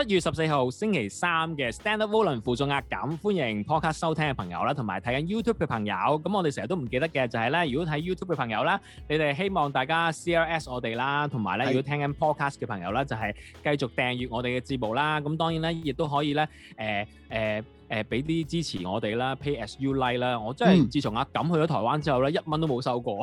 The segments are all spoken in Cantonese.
七月十四號星期三嘅 Standard Volume 負重壓減，歡迎 Podcast 收聽嘅朋友啦，同埋睇緊 YouTube 嘅朋友。咁我哋成日都唔記得嘅就係咧，如果睇 YouTube 嘅朋友啦，你哋希望大家 CLS 我哋啦，同埋咧如果聽緊 Podcast 嘅朋友啦，就係繼續訂閱我哋嘅節目啦。咁當然啦亦都可以咧，誒誒。誒俾啲支持我哋啦，Pay as you like 啦，嗯、我真係自從阿錦去咗台灣之後咧，一蚊都冇收過。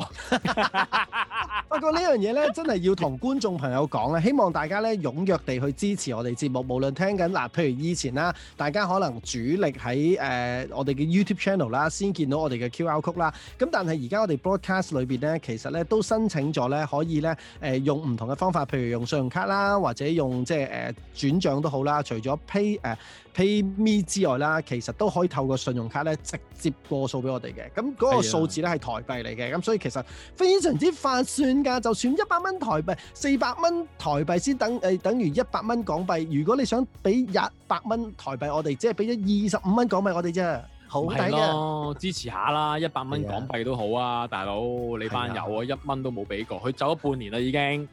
不過呢樣嘢咧，真係要同觀眾朋友講咧，希望大家咧踴躍地去支持我哋節目，無論聽緊嗱，譬如以前啦，大家可能主力喺誒、呃、我哋嘅 YouTube channel 啦，先見到我哋嘅 Q R 曲啦。咁但係而家我哋 broadcast 裏邊咧，其實咧都申請咗咧，可以咧誒、呃、用唔同嘅方法，譬如用信用卡啦，或者用即係誒轉賬都好啦。除咗 Pay 誒、呃。PayMe 之外啦，其實都可以透過信用卡咧直接過數俾我哋嘅。咁嗰個數字咧係台幣嚟嘅，咁的所以其實非常之划算㗎。就算一百蚊台幣，四百蚊台幣先等誒、呃、等於一百蚊港幣。如果你想俾一百蚊台幣我哋，只係俾咗二十五蚊港幣我哋啫。好咯，支持下啦，一百蚊港幣都的好啊，大佬你班友啊，的一蚊都冇俾過，佢走咗半年啦已經，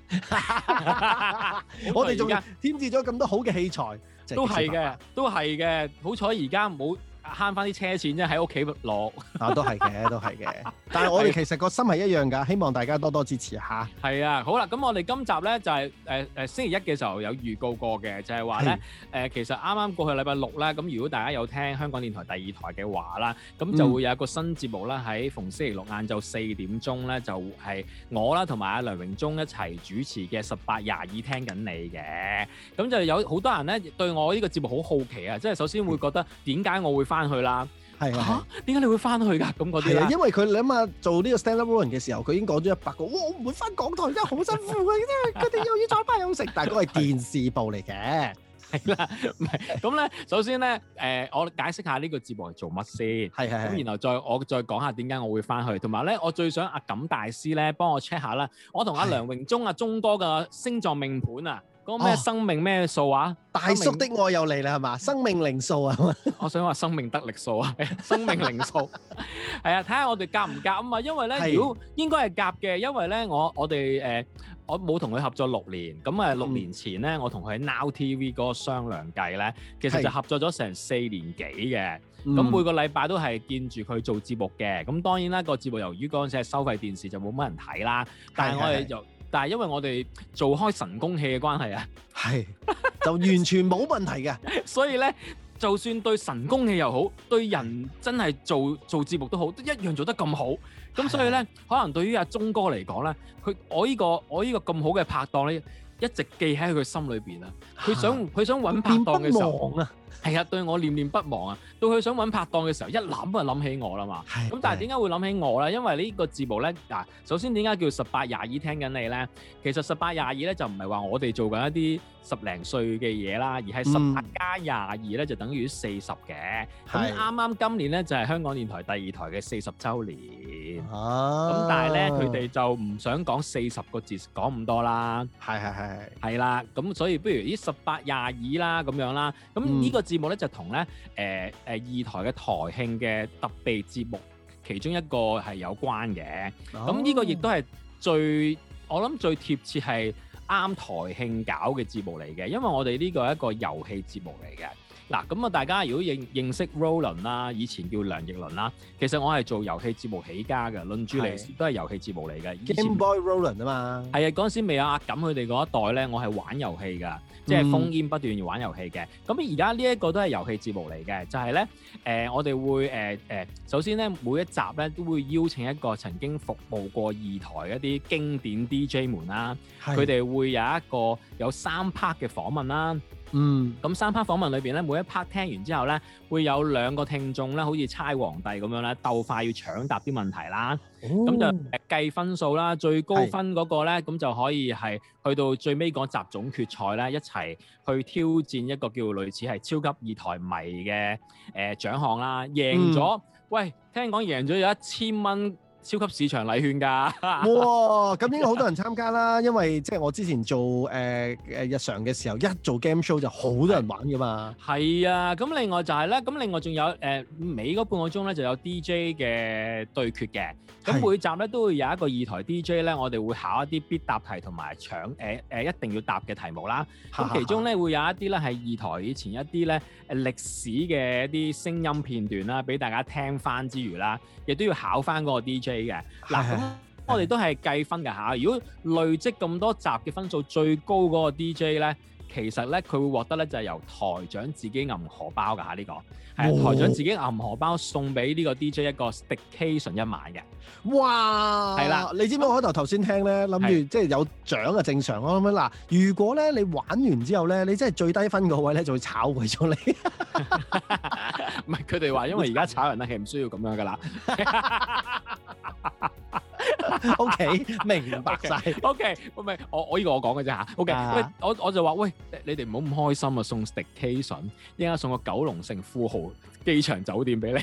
我哋仲有添置咗咁多好嘅器材， 都係嘅，都係嘅，好彩而家冇。慳翻啲車錢啫，喺屋企落。 啊，都係嘅，都係嘅。但係我哋其實個心係一樣㗎， 的希望大家多多支持下。係啊，好啦，咁我哋今集咧就係誒誒星期一嘅時候有預告過嘅，就係話咧誒其實啱啱過去禮拜六咧，咁如果大家有聽香港電台第二台嘅話啦，咁就會有一個新節目啦，喺逢星期六晏晝四點鐘咧就係、是、我啦同埋阿梁榮忠一齊主持嘅十八廿二聽緊你嘅。咁就有好多人咧對我呢個節目好好奇啊，即係首先會覺得點解我會？翻去啦，係的啊，點解你會翻去噶？咁嗰啲啊，因為佢諗下做呢個 stand up running 嘅時候，佢已經講咗一百個，哇，我唔會翻港台，真係好辛苦嘅，真係，佢哋又要再翻飲食， 但係嗰個係電視部嚟嘅，係啦的，唔係咁咧。首先咧，誒、呃，我解釋下呢個節目係做乜先，係係咁然後再我再講下點解我會翻去，同埋咧，我最想阿錦大師咧幫我 check 下啦，我同阿梁榮忠阿忠哥嘅星座命盤啊。嗰個咩生命咩數啊？大叔的愛又嚟啦，係嘛？生命零數係嘛？我想話生命得力數啊！生命零數係啊，睇下我哋夾唔夾啊嘛？因為咧，如果應該係夾嘅，因為咧，我我哋誒我冇同佢合作六年，咁啊六年前咧，我同佢喺 Now TV 嗰個商量計咧，其實就合作咗成四年幾嘅，咁每個禮拜都係見住佢做節目嘅，咁當然啦，個節目由於嗰陣時係收費電視，就冇乜人睇啦，但係我哋又～但係因為我哋做開神功戲嘅關係啊，係就完全冇問題嘅，所以咧就算對神功戲又好，對人真係做做節目都好，都一樣做得咁好。咁所以咧，可能對於阿忠哥嚟講咧，佢我呢個我呢個咁好嘅拍檔咧，一直記喺佢心裏邊啊。佢想佢想搵拍檔嘅時候啊。係啊，對我念念不忘啊！到佢想揾拍檔嘅時候，一諗就諗起我啦嘛。咁的但係點解會諗起我咧？因為呢個節目咧，嗱，首先點解叫十八廿二聽緊你咧？其實十八廿二咧就唔係話我哋做緊一啲十零歲嘅嘢啦，而係十八加廿二咧就等於四十嘅。咁啱啱今年咧就係、是、香港電台第二台嘅四十週年。咁、啊、但係咧，佢哋就唔想講四十個字講咁多啦。係係係係。係啦的，咁所以不如啲十八廿二啦咁樣啦。咁呢個、嗯。節目咧就同咧誒誒二台嘅台慶嘅特別節目其中一個係有關嘅，咁呢、oh. 個亦都係最我諗最貼切係啱台慶搞嘅節目嚟嘅，因為我哋呢個係一個遊戲節目嚟嘅。嗱，咁啊，大家如果認認識 Roland 啦，以前叫梁奕倫啦，其實我係做遊戲節目起家嘅，論住嚟都係遊戲節目嚟嘅，Game Boy Roland 啊嘛。係啊，嗰陣時未有壓感，佢哋嗰一代咧，我係玩遊戲㗎，即係烽煙不斷玩遊戲嘅。咁而家呢一個都係遊戲節目嚟嘅，就係咧，誒，我哋會誒誒，首先咧，每一集咧都會邀請一個曾經服務過二台一啲經典 DJ 們啦，佢哋會有一個有三 part 嘅訪問啦。嗯，咁三 part 訪問裏邊咧，每一 part 聽完之後咧，會有兩個聽眾咧，好似猜皇帝咁樣咧，鬥快要搶答啲問題啦，咁、哦、就計分數啦，最高分嗰個咧，咁是就可以係去到最尾嗰集總決賽咧，一齊去挑戰一個叫做類似係超級二台迷嘅誒、呃、獎項啦，贏咗，嗯、喂，聽講贏咗有一千蚊。超級市場禮券㗎！哇！咁應該好多人參加啦， 因為即係我之前做誒誒、呃、日常嘅時候，一做 game show 就好多人玩㗎嘛。係啊，咁另外就係咧，咁另外仲有誒尾嗰半個鐘咧，就有 DJ 嘅對決嘅。咁每集咧都會有一個二台 DJ 咧，我哋會考一啲必答題同埋搶誒誒、呃、一定要答嘅題目啦。咁其中咧會有一啲咧係二台以前一啲咧誒歷史嘅一啲聲音片段啦，俾大家聽翻之餘啦，亦都要考翻嗰個 DJ。嘅嗱，咁是我哋都係計分㗎吓。如果累積咁多集嘅分數最高嗰個 DJ 咧？其實咧，佢會獲得咧就係由台長自己銀荷包㗎嚇，呢個係台長自己銀荷包送俾呢個 DJ 一個 staycation 一晚嘅。哇！係啦了，你知唔知我頭頭先、嗯、聽咧，諗住即係有獎啊正常咯。咁樣嗱，如果咧你玩完之後咧，你真係最低分嗰位咧，就會炒回咗你，唔係佢哋話，因為而家炒人咧係唔需要咁樣㗎啦。 o、okay, K，明白晒。O K，唔係我我依、依個我講嘅啫嚇。O K，喂，我我就話喂，你哋唔好咁開心啊！送 staycation 一陣間送個九龍城富豪機場酒店俾你。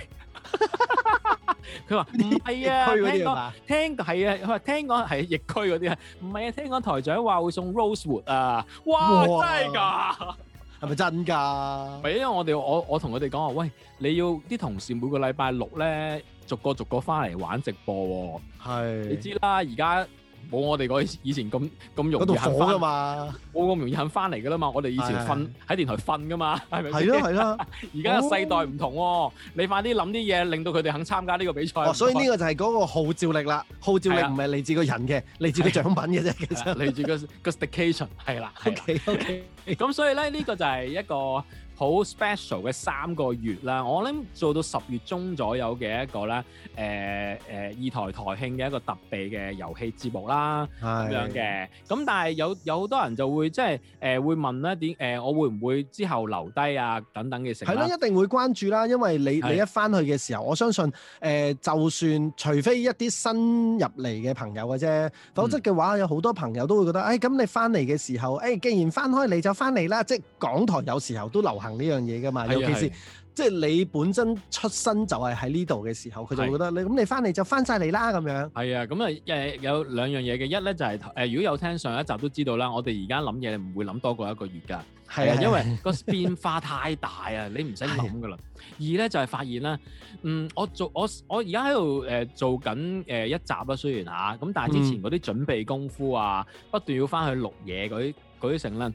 佢話唔係啊，聽講聽係啊，佢話聽講係疫區嗰啲啊，唔係啊，聽講台長話會送 Rosewood 啊，哇，哇真係㗎！係咪真㗎？係因為我哋我我同佢哋講話，喂，你要啲同事每個禮拜六呢，逐個逐個返嚟玩直播喎、啊。係是，你知啦，而家。冇我哋以前咁咁容易肯嘛，冇咁容易肯翻嚟噶啦嘛。我哋以前瞓喺電台瞓噶嘛，係咪先？係咯係咯。而家世代唔同喎，你快啲諗啲嘢令到佢哋肯參加呢個比賽。所以呢個就係嗰個號召力啦。號召力唔係嚟自個人嘅，嚟自獎品嘅啫。其實嚟自個個 station 係啦。O K O K。咁所以咧，呢個就係一個好 special 嘅三個月啦，我諗做到十月中左右嘅一個咧，誒誒二台台慶嘅一個特別嘅遊戲節目啦，係咁樣嘅。咁但係有有好多人就會即係誒會問咧點誒，我會唔會之後留低啊等等嘅事？係咯，一定會關注啦，因為你你一翻去嘅時候，我相信誒，就算除非一啲新入嚟嘅朋友嘅啫，否則嘅話有好多朋友都會覺得，誒咁你翻嚟嘅時候，誒既然翻開嚟就翻嚟啦，即係港台有時候都留下，呢樣嘢，噶嘛，尤其是，是的 即係你本身出身就係喺呢度嘅時候，佢就會覺得是的 你咁你翻嚟就翻晒嚟啦咁樣。係啊，咁啊誒有兩樣嘢嘅，一咧就係、是、誒、呃，如果有聽上一集都知道啦，我哋而家諗嘢唔會諗多過一個月噶。係啊，因為個變化太大啊， 你唔使諗噶啦。二咧是的 就係、是、發現啦，嗯，我做我我而家喺度誒做緊誒一集啦，雖然吓、啊、咁，但係之前嗰啲準備功夫啊，嗯、不斷要翻去錄嘢嗰啲嗰啲成咧，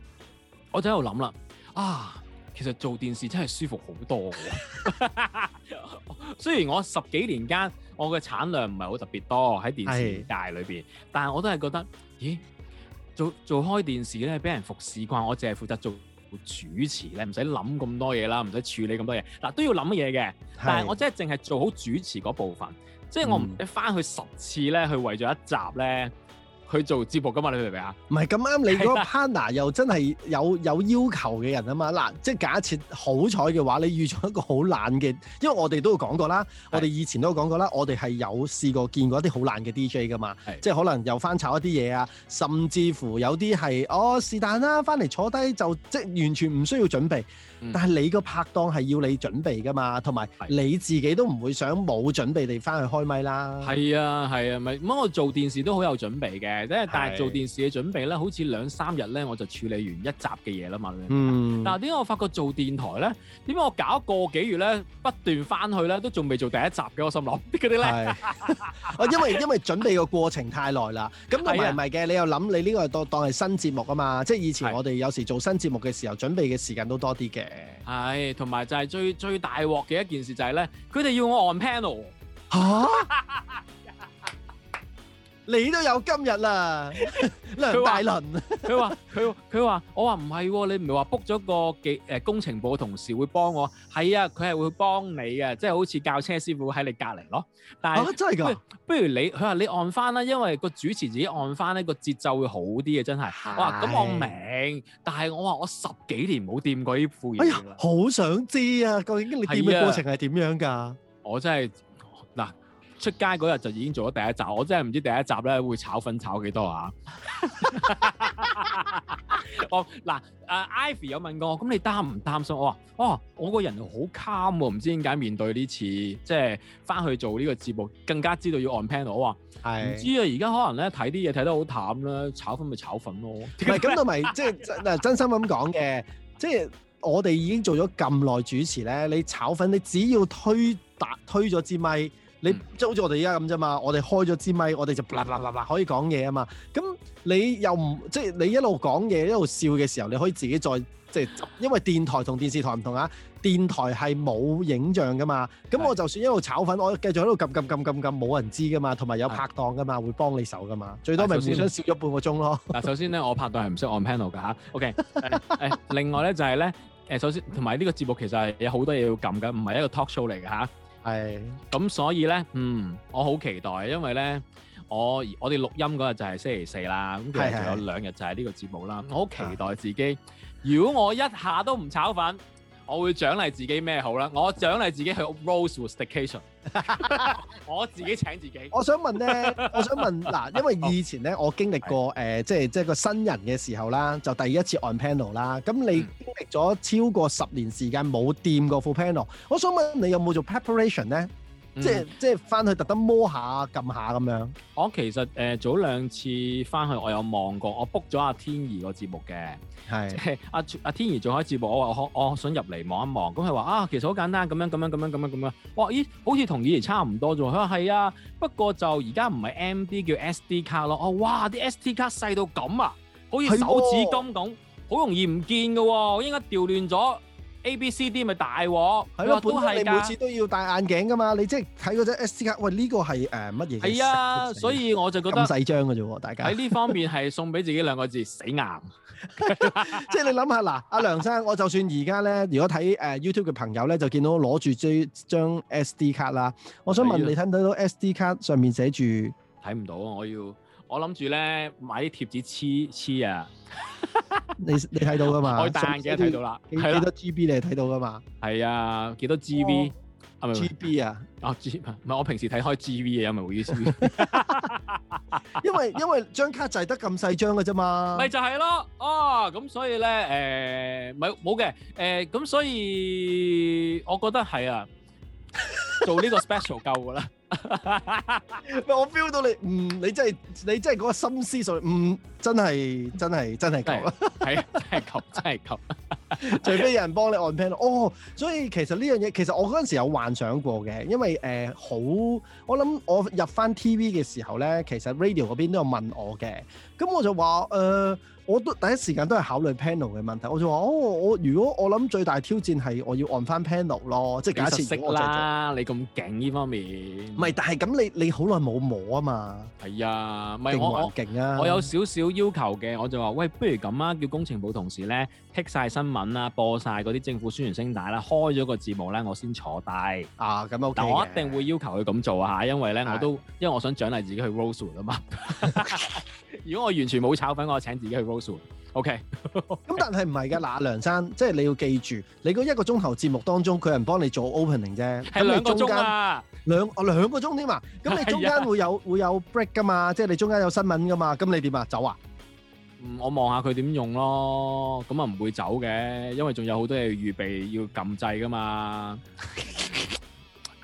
我就喺度諗啦啊！啊啊其實做電視真係舒服好多喎。 雖然我十幾年間我嘅產量唔係好特別多喺電視界裏邊，是的 但係我都係覺得，咦？做做開電視咧，俾人服侍慣，我淨係負責做主持咧，唔使諗咁多嘢啦，唔使處理咁多嘢。嗱，都要諗嘢嘅，是的 但係我真係淨係做好主持嗰部分。即係我唔使翻去十次咧，去為咗一集咧。佢做節目噶嘛？你明唔明啊？唔係咁啱，你嗰個 partner 又真係有有要求嘅人啊嘛！嗱， 即係假設好彩嘅話，你遇咗一個好懶嘅，因為我哋都講過啦，是的 我哋以前都講過啦，我哋係有試過見過一啲好懶嘅 DJ 噶嘛，是的 即係可能又翻炒一啲嘢啊，甚至乎有啲係哦是但啦，翻嚟坐低就即係完全唔需要準備。但係你個拍檔係要你準備噶嘛，同埋你自己都唔會想冇準備地翻去開咪啦。係啊，係啊，咪咁我做電視都好有準備嘅，即係但係做電視嘅準備咧，好似兩三日咧我就處理完一集嘅嘢啦嘛。嗯，嗱，點解我發覺做電台咧？點解我搞個幾月咧不斷翻去咧都仲未做第一集嘅？我心諗嗰啲咧，啊，因為因為準備個過程太耐啦。咁唔係唔係嘅，你又諗你呢個當當係新節目啊嘛？即係以前我哋有時做新節目嘅時候，準備嘅時間都多啲嘅。.係，同埋、哎、就係最最大鑊嘅一件事就係咧，佢哋要我 on panel 嚇蛤。 你都有今日啦，梁大倫 說。佢話： 佢佢話我話唔係，你唔係話 book 咗個技誒、呃、工程部同事會幫我。係啊，佢係會幫你啊，即、就、係、是、好似教車師傅喺你隔離咯。嚇、啊！真係㗎？不如你佢話你按翻啦，因為個主持自己按翻呢個節奏會好啲啊。真係。哇！咁我明，但係我話我十幾年冇掂過呢副嘢。哎呀，好想知啊！究竟你掂嘅過程係點樣㗎、啊？我真係嗱。出街嗰日就已經做咗第一集，我真係唔知第一集咧會炒粉炒幾多啊！我嗱、 哦，阿、啊、Ivy 有問過我，咁你擔唔擔心？我話：哦，我個人好 calm 喎，唔知點解面對呢次，即係翻去做呢個節目，更加知道要按 panel。我話唔是知啊。而家可能咧睇啲嘢睇得好淡啦，炒粉咪炒粉咯。唔係、就是，咁到咪即係真心咁講嘅，即、就、係、是、我哋已經做咗咁耐主持咧，你炒粉，你只要推打推咗支咪。你即係好似我哋而家咁啫嘛，我哋開咗支咪，我哋就啦啦啦啦可以講嘢啊嘛。咁你又唔即係你一路講嘢一路笑嘅時候，你可以自己再即係執，因為電台同電視台唔同啊。電台係冇影像噶嘛，咁我就算一路炒粉，我繼續喺度撳撳撳撳撳，冇人知噶嘛，同埋有拍檔噶嘛，會幫你手噶嘛，最多咪互相笑咗半個鐘咯。嗱，首先咧，我拍檔係唔識按 panel 噶嚇。OK，誒另外咧就係咧，誒首先同埋呢個節目其實係有好多嘢要撳噶，唔係一個 talk show 嚟噶嚇。係，咁是所以咧，嗯，我好期待，因為咧，我我哋錄音嗰日就係星期四啦，咁其實仲有兩日就係呢個節目啦。的我好期待自己，如果我一下都唔炒粉，我會獎勵自己咩好啦？我獎勵自己去 Rosewood staycation。 我自己請自己。 我想問呢，我想問嗱，因為以前呢，我經歷過誒、呃，即係即係個新人嘅時候啦，就第一次 on panel 啦。咁你經歷咗超過十年時間冇掂過副 panel，我想問你有冇做 preparation 呢？嗯、即係即係翻去特登摸下撳下咁樣。我其實誒、呃、早兩次翻去我有望過，我 book 咗阿天怡個節目嘅。係阿阿天怡做開節目，我話我我想入嚟望一望。咁佢話啊，其實好簡單，咁樣咁樣咁樣咁樣咁樣。哇！咦，好似同以前差唔多咋。佢話係啊，不過就而家唔係 M D 叫 S D 卡咯。哦，哇！啲 S D 卡細到咁啊，好似手指咁，好容易唔見㗎喎，我應該調亂咗。A B C D 咪大喎，係咯的，本嚟你每次都要戴眼鏡㗎嘛？你即係睇嗰隻 SD 卡，喂、這、呢個係誒乜嘢？係、呃、啊，所以我就覺得咁細張㗎啫喎，大家喺呢方面係送俾自己兩個字 死硬。即 係 你諗下嗱，阿梁生，我就算而家咧，如果睇誒 YouTube 嘅朋友咧，就見到攞住張 SD 卡啦。以我想問你睇唔睇到 SD 卡上面寫住？睇唔到，我要我諗住咧買啲貼紙黐黐啊。 你你睇到噶嘛？我戴眼鏡睇到啦，幾多 GB 你係睇到噶嘛？係啊，幾多、哦、GB？係咪 GB 啊？啊、哦、，G 唔係我平時睇開 GV 嘅，有咪意思？因為因為張卡就係得咁細張嘅啫嘛。咪 就係咯，哦，咁所以咧誒，咪冇嘅誒，咁、呃、所以我覺得係啊。 做呢個 special 夠㗎啦，我 feel 到你唔、嗯、你真係你真係嗰個心思上唔真係真係真係夠啦，係真係夠 真係夠，除非 有人幫你按 panel 哦，所以其實呢樣嘢其實我嗰陣時有幻想過嘅，因為誒好、呃、我諗我入翻 TV 嘅時候咧，其實 radio 嗰邊都有問我嘅，咁我就話誒、呃、我都第一時間都係考慮 panel 嘅問題，我就話哦，我，如果我，我 el，如果我諗最大挑戰係我要按翻 panel 咯，即係假設識啦。咁勁呢方面？唔係，但係咁你你好耐冇摸啊嘛。係、哎、呀啊，唔係我我勁啊！我有少少要求嘅，我就話：喂，不如咁啊，叫工程部同事咧，剔晒新聞啦，播晒嗰啲政府宣傳聲帶啦，開咗個字幕啦，我先坐低。啊，咁 OK。但我一定會要求佢咁做啊，因為咧我都的因為我想獎勵自己去 roll suit 啊嘛。如果我完全冇炒粉，我就請自己去 roll s u i O K，咁但係唔係㗎嗱，梁生，即係你要記住，你嗰一個鐘頭節目當中，佢人幫你做 opening 啫。係兩個鐘啊，兩哦兩個鐘添啊，咁你中間會有會有 break 噶嘛？即係你中間有新聞噶嘛？咁你點啊？走啊？嗯，我望下佢點用咯。咁啊，唔會走嘅，因為仲有好多嘢預備要撳掣噶嘛。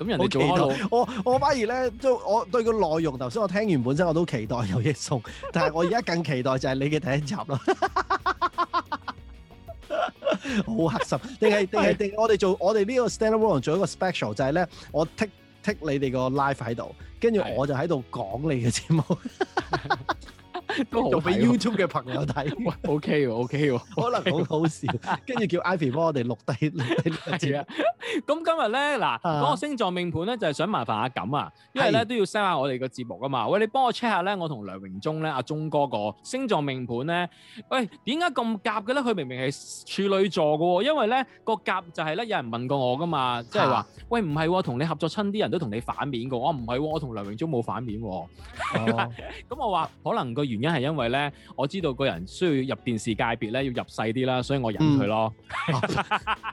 咁人哋期待我，我反而咧，即我對個內容，頭先我聽完本身我都期待有嘢送，但係我而家更期待就係你嘅第一集咯， 好黑心。定係定係定，我哋做我哋呢個 standalone 做一個 special，就係咧，我剔剔你哋個 live 喺度，跟住我就喺度講你嘅節目。 都好俾 YouTube 嘅朋友睇 ，OK OK 可能好好笑，， 跟住叫 Ivy 幫我哋錄低。係 啊，咁今日咧嗱，嗰個星座命盤咧就係、是、想麻煩阿錦啊，因為咧都要 send 下我哋個節目噶嘛。喂，你幫我 check 下咧，我同梁榮忠咧阿忠哥個星座命盤咧，喂，點解咁夾嘅咧？佢明明係處女座噶、哦，因為咧、那個夾就係咧有人問過我噶嘛，即係話喂唔係，同、哦、你合作親啲人都同你反面噶，我唔係、哦，我同梁榮忠冇反面，咁我話可能個原。而家係因為咧，我知道個人需要入電視界別咧，要入細啲啦，所以我引佢咯、嗯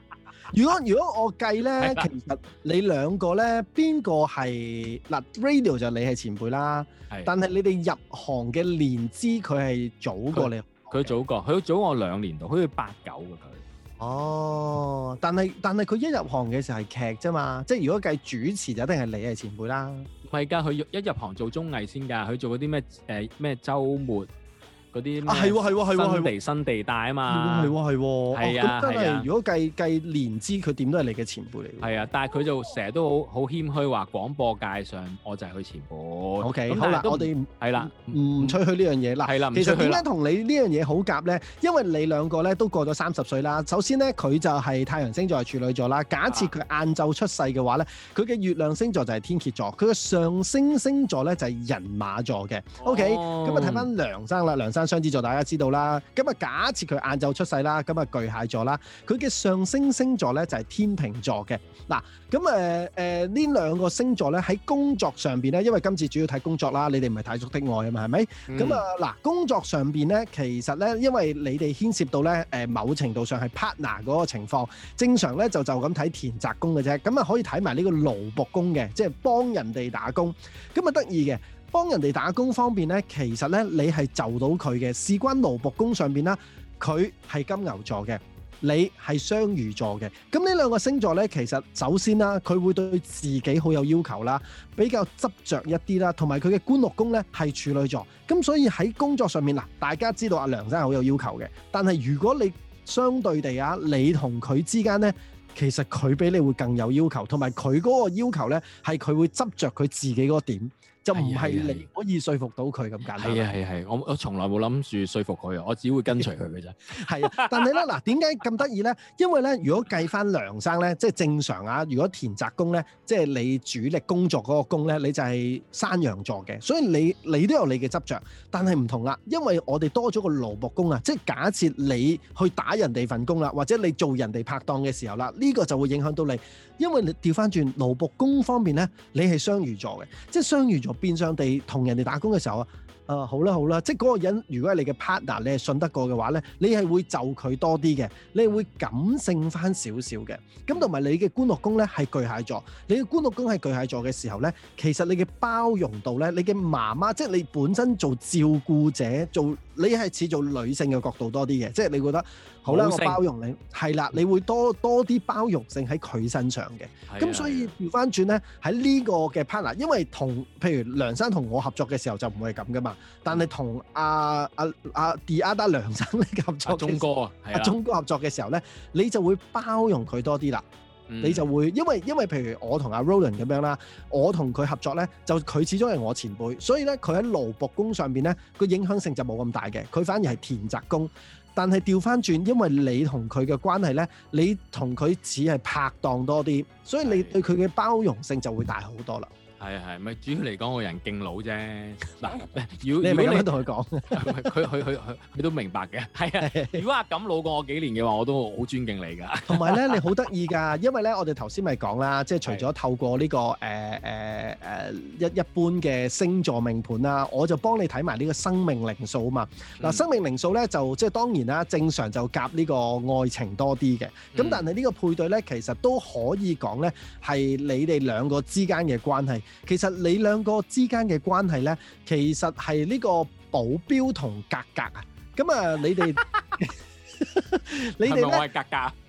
如。如果如果我計咧，是的 其實你兩個咧，邊個係嗱？Radio 就你係前輩啦，是的 但係你哋入行嘅年資佢係早過你。佢早過，佢都早我兩年度，好似八九嘅佢。哦，但係但係佢一入行嘅時候係劇啫嘛，即係如果計主持就一定係你係前輩啦。咪家佢一入行做綜藝先㗎，佢做嗰啲咩誒咩週末。嗰啲係喎，係喎，係喎，係喎，新地，新地帶啊嘛，係喎，係喎，係啊！真係，如果計計年資，佢點都係你嘅前輩嚟。係啊，但係佢就成日都好好謙虛，話廣播界上我就係佢前輩。O K，好啦，我哋係啦，唔吹噓呢樣嘢啦。係啦，其實點解同你呢樣嘢好夾咧？因為你兩個咧都過咗三十歲啦。首先咧，佢就係太陽星座處女座啦。假設佢晏晝出世嘅話咧，佢嘅月亮星座就係天蠍座，佢嘅上升星座咧就係人馬座嘅。O K，咁啊睇翻梁生啦，梁生。雙子座大家知道啦，咁啊假設佢晏晝出世啦，咁啊巨蟹座啦，佢嘅上升星座咧就係天平座嘅，嗱咁，誒誒呢兩個星座咧喺工作上邊咧，因為今次主要睇工作啦，你哋唔係太熟的愛啊嘛，係咪？咁啊嗱，工作上邊咧，其實咧，因為你哋牽涉到咧誒某程度上係 partner 嗰個情況，正常咧就就咁睇田宅宮嘅啫，咁啊可以睇埋呢個勞僕宮嘅，即係幫人哋打工，咁啊得意嘅。幫人哋打工方面呢，其實呢，你係就到佢嘅。事關勞僕宮上邊啦，佢係金牛座嘅，你係雙魚座嘅。咁呢兩個星座呢，其實首先啦，佢會對自己好有要求啦，比較執着一啲啦，同埋佢嘅官祿宮呢，係處女座，咁所以喺工作上面嗱，大家知道阿梁生係好有要求嘅。但係如果你相對地啊，你同佢之間呢，其實佢比你會更有要求，同埋佢嗰個要求呢，係佢會執着佢自己嗰點。就唔係你可以說服到佢咁簡單。係啊係係，我我從來冇諗住說服佢啊，我只會跟隨佢嘅啫。係啊，但係咧嗱，點解咁得意咧？因為咧，如果計翻梁生咧，即係正常啊。如果田宅宮咧，即係你主力工作嗰個宮咧，你就係山羊座嘅。所以你你都有你嘅執着，但係唔同啦，因為我哋多咗個勞僕宮啊。即係假設你去打人哋份工啦，或者你做人哋拍檔嘅時候啦，呢個就會影響到你，因為你調翻轉勞僕宮方面咧，你係雙魚座嘅，即係雙魚。變相地同人哋打工嘅時候啊，啊、呃、好啦好啦，即係嗰個人如果係你嘅 partner，你係信得過嘅話咧，你係會就佢多啲嘅，你係會感性翻少少嘅。咁同埋你嘅官祿宮咧係巨蟹座，你嘅官祿宮係巨蟹座嘅時候咧，其實你嘅包容度咧，你嘅媽媽，即係你本身做照顧者做。你係似做女性嘅角度多啲嘅，即係你覺得好啦，性我包容你係啦，你會多多啲包容性喺佢身上嘅。咁的所以調翻轉咧，喺呢個嘅 partner，因為同譬如梁生同我合作嘅時候就唔會係咁噶嘛，但係同、啊啊啊、阿阿阿迪 e a 梁生呢合作，啊、中哥啊，係啦，中哥合作嘅時候咧，你就會包容佢多啲啦。你就會，因為因為譬如我同阿 Roland 咁樣啦，我同佢合作咧，就佢始終係我前輩，所以咧佢喺勞僕工上面咧個影響性就冇咁大嘅，佢反而係田宅工。但係調翻轉，因為你同佢嘅關係咧，你同佢只係拍檔多啲，所以你對佢嘅包容性就會大好多啦。係係，咪主要嚟講，個人勁老啫。嗱，你唔好咁同佢講，佢佢佢佢佢都明白嘅。係啊，如果阿咁老過我幾年嘅話，我都好尊敬你噶。同埋咧，你好得意㗎，因為咧，我哋頭先咪講啦，即係除咗透過呢個誒誒誒一一般嘅星座命盤啊，我就幫你睇埋呢個生命靈數啊嘛。嗱，生命靈數咧就即係當然啦，正常就夾呢個愛情多啲嘅。咁但係呢個配對咧，其實都可以講咧，係你哋兩個之間嘅關係。其實你兩個之間嘅關係咧，其實係呢個保鏢同格格啊！咁啊，你哋你哋咧係咪我係格格？ 呢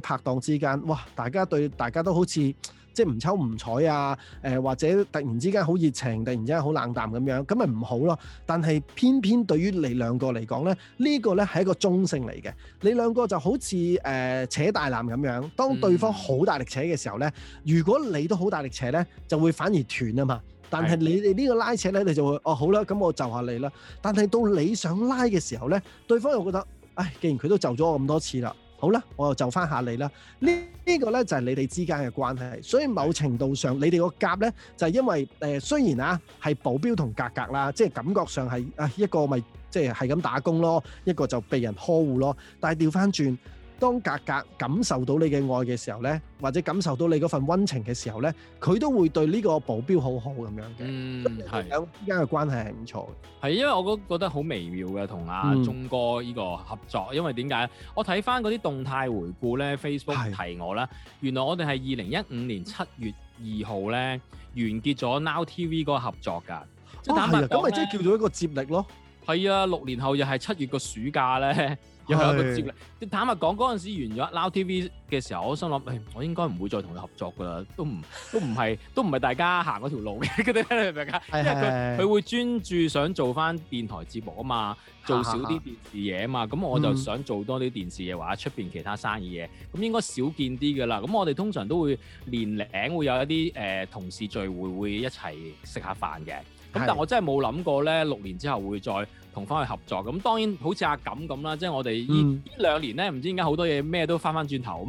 拍檔之間，哇！大家對大家都好似即係唔瞅唔睬啊！誒、呃，或者突然之間好熱情，突然之間好冷淡咁樣，咁咪唔好咯。但係偏偏對於你兩個嚟講咧，這個、呢個咧係一個中性嚟嘅。你兩個就好似誒、呃、扯大纜咁樣，當對方好大力扯嘅時候咧，如果你都好大力扯咧，就會反而斷啊嘛。但係你哋呢個拉扯咧，你就會哦好啦，咁我就下你啦。但係到你想拉嘅時候咧，對方又覺得，唉，既然佢都就咗我咁多次啦。好啦，我又就翻下、這個、你啦。呢呢個咧就係你哋之間嘅關係，所以某程度上你哋個夾咧就係、是、因為誒、呃、雖然啊係保鏢同格格啦，即係感覺上係啊、呃、一個咪即係係咁打工咯，一個就被人呵護咯，但係調翻轉。當格格感受到你嘅愛嘅時候咧，或者感受到你嗰份溫情嘅時候咧，佢都會對呢個保鏢好好咁樣嘅。嗯，係。依家嘅關係係唔錯嘅。係因為我覺得覺得好微妙嘅同阿鐘哥呢個合作，因為點解？我睇翻嗰啲動態回顧咧，Facebook 提我啦，原來我哋係二零一五年七月二號咧，完結咗 Now TV 嗰個合作㗎。哇，係咁咪即係叫做一個接力咯。係啊，六年後又係七月個暑假咧。又係一個節目。你坦白講，嗰陣時完咗撈 TV 嘅時候，我心諗，誒，我應該唔會再同佢合作噶啦，都唔都唔係都唔係大家行嗰條路嘅，大家。因為佢他佢 會專注想做翻電台節目啊嘛，做少啲電視嘢啊嘛，咁 我就想做多啲電視嘢或者出邊其他生意嘢。咁應該少見啲噶啦。咁我哋通常都會年領會有一啲誒、呃、同事聚會會一齊食下飯嘅。嗯，但我真係冇諗過六年之後會再同翻佢合作。咁當然好似阿錦咁啦，即係我哋呢兩年咧，唔知點解好多嘢咩都翻翻轉頭。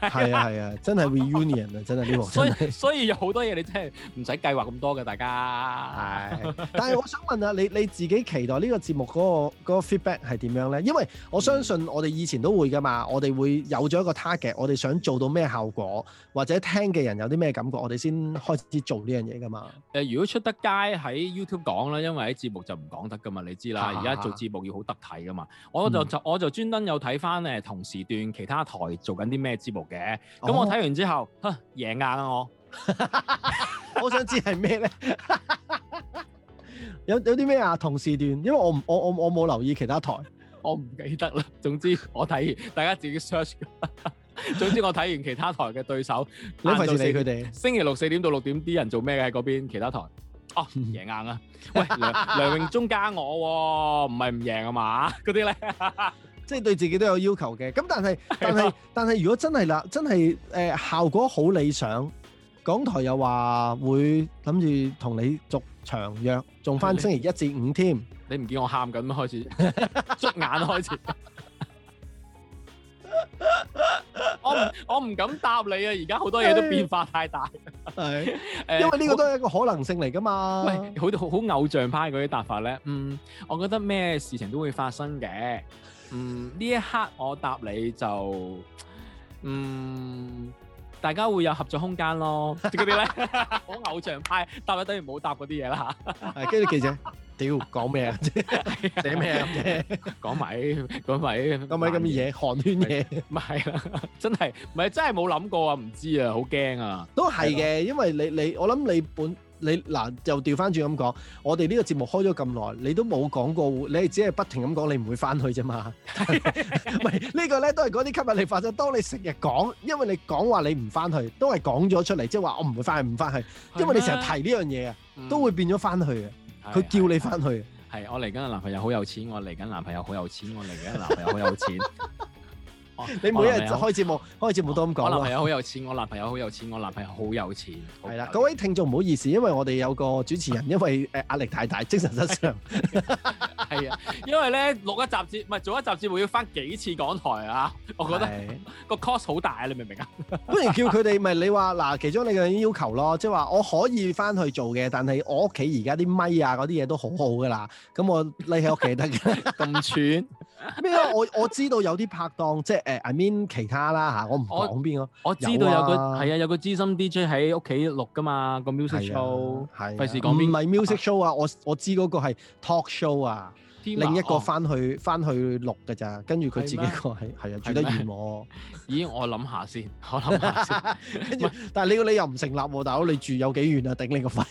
係啊，係啊， 真係 reunion 啊， 真係呢個所以 所以有好多嘢你真係唔使計劃咁多嘅，大家。係， 但係我想問下你你自己期待個、那個那個、呢個節目個個 feedback 係點樣咧？因為我相信我哋以前都會㗎嘛，我哋會有咗一個 target，我哋想做到咩效果，或者聽嘅人有啲咩感覺我哋先開始做呢樣嘢㗎嘛。誒如果出得街喺 YouTube 講啦，因為喺節目就唔講得㗎嘛，你知啦。而家做節目要好得體㗎嘛、啊我。我就就我就專登有睇翻誒同時段其他台做緊啲咩節目。嘅，咁我睇完之後，贏硬啊！我， 我想知係咩咧？有有啲咩亞同時段？因為我我我我冇留意其他台， 我唔記得啦。總之我睇完，大家自己 search。 總之我睇完其他台嘅對手，諗費事理佢哋。星期六四點到六點啲人做咩嘅喺嗰邊？其他台哦，贏硬啊！ 喂，梁梁榮忠加我喎、哦，唔係唔贏啊嘛？嗰啲咧。 即係對自己都有要求嘅，咁但係，但係的，但係，如果真係啦，真係，誒、呃，效果好理想，港台又話會諗住同你續長約，仲翻星期一至五添。你唔見我喊緊咩？開始捽 眼開始。 我我唔敢答你啊！而家好多嘢都變化太大。係。因為呢個都係一個可能性嚟㗎嘛、欸。喂，好多好偶像派嗰啲答法咧，嗯，我覺得咩事情都會發生嘅。嗯，呢一刻我答你就，嗯，大家會有合作空間咯。啲咧， 好偶像派，答得等於冇答嗰啲嘢啦。係，跟住記者，屌講咩啊？寫咩啊？講埋講埋咁埋咁嘅嘢，寒暄嘢，唔係啦，真係，咪真係冇諗過啊，唔知啊，好驚啊。都係嘅，因為你你，你，我諗你本。你嗱就調翻轉咁講，我哋呢個節目開咗咁耐，你都冇講過，你只係不停咁講你唔會翻去啫嘛？唔、 這個、呢個咧都係嗰啲吸引力法則。當你成日講，因為你講話你唔翻去，都係講咗出嚟，即係話我唔會翻去，唔翻去。嗎因為你成日提呢樣嘢啊，都會變咗翻去啊。佢、嗯、叫你翻去。係，我嚟緊嘅男朋友好有錢，我嚟緊男朋友好有錢，我嚟緊男朋友好有錢。 你每日開節目，開節目都咁講啊！我男朋友好有錢，我男朋友好有錢，我男朋友好有錢。係啦，了各位聽眾唔好意思，因為我哋有個主持人，因為誒壓力太大，精神失常。係啊， 因為咧錄一集節，唔係做一集節目要返幾次港台啊？我覺得的 個 cost 好大啊！你明唔明啊？不如叫佢哋，咪你話嗱，其中你嘅要求咯，即係話我可以返去做嘅，但係我屋企而家啲咪，咪啊嗰啲嘢都好好噶啦，咁我匿喺屋企得嘅，咁 竄喘。 咩啊？我我知道有啲拍檔，即係誒，I mean 其他啦嚇，我唔講邊個。我知道有個係啊，有個資深 DJ 喺屋企錄㗎嘛個 music show，係費事講邊？唔係 music show 啊，我我知嗰個係 talk show 啊。另一個返去返去錄㗎咋，跟住佢自己個係係啊，住得遠喎。咦？我諗下先，我諗下先。跟住，但係你個理由唔成立喎，大佬你住有幾遠啊？頂你個肺！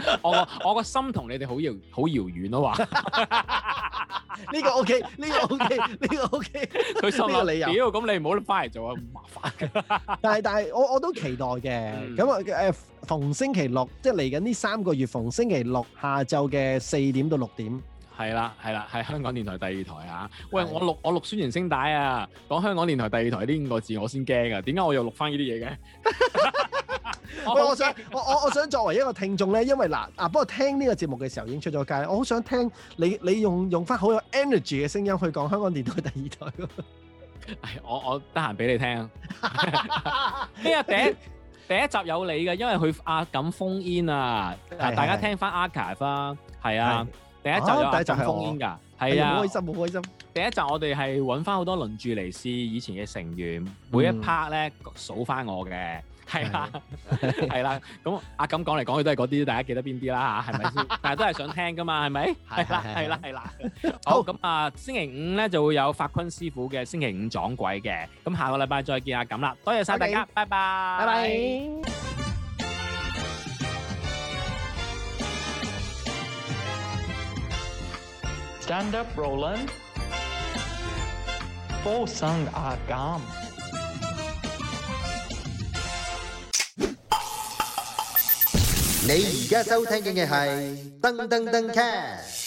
我我個心同你哋好遙好遙遠咯，話呢、啊、 個 OK 呢個 OK 呢 來個 OK，佢收咗你屌，咁你唔好翻嚟做啊，麻煩。但係但係我我都期待嘅，咁啊誒逢星期六，即係嚟緊呢三個月逢星期六下晝嘅四點到六點，係啦係啦，係香港電台第二台吓、啊。喂，我錄我錄宣傳聲帶啊，講香港電台第二台呢五個字我先驚啊，點解我又錄翻呢啲嘢嘅？ 我想我我我想作為一個聽眾咧，因為嗱啊，不過聽呢個節目嘅時候已經出咗街，我好想聽你你用用翻好有 energy 嘅聲音去講香港電台第二台。我我得閒俾你聽。呢一第一集有你嘅，因為佢阿咁封煙啊，嗱，大家聽翻 archive，係啊，第一集第一集封煙㗎，係啊，開心好開心。第一集我哋係揾翻好多輪住嚟斯以前嘅成員，每一 part 咧數翻我嘅。係啊，係啦，咁阿錦講嚟講去都係嗰啲，大家記得邊啲啦嚇，係咪先？但係都係想聽噶嘛，係咪？係啦，係啦，係啦。好，咁啊，星期五咧就會有法坤師傅嘅星期五撞鬼嘅，咁下個禮拜再見阿錦啦。多謝曬大家，拜拜，拜拜。Stand up, Roland。波生阿錦。你而家收聽嘅係《噔噔噔 cast》。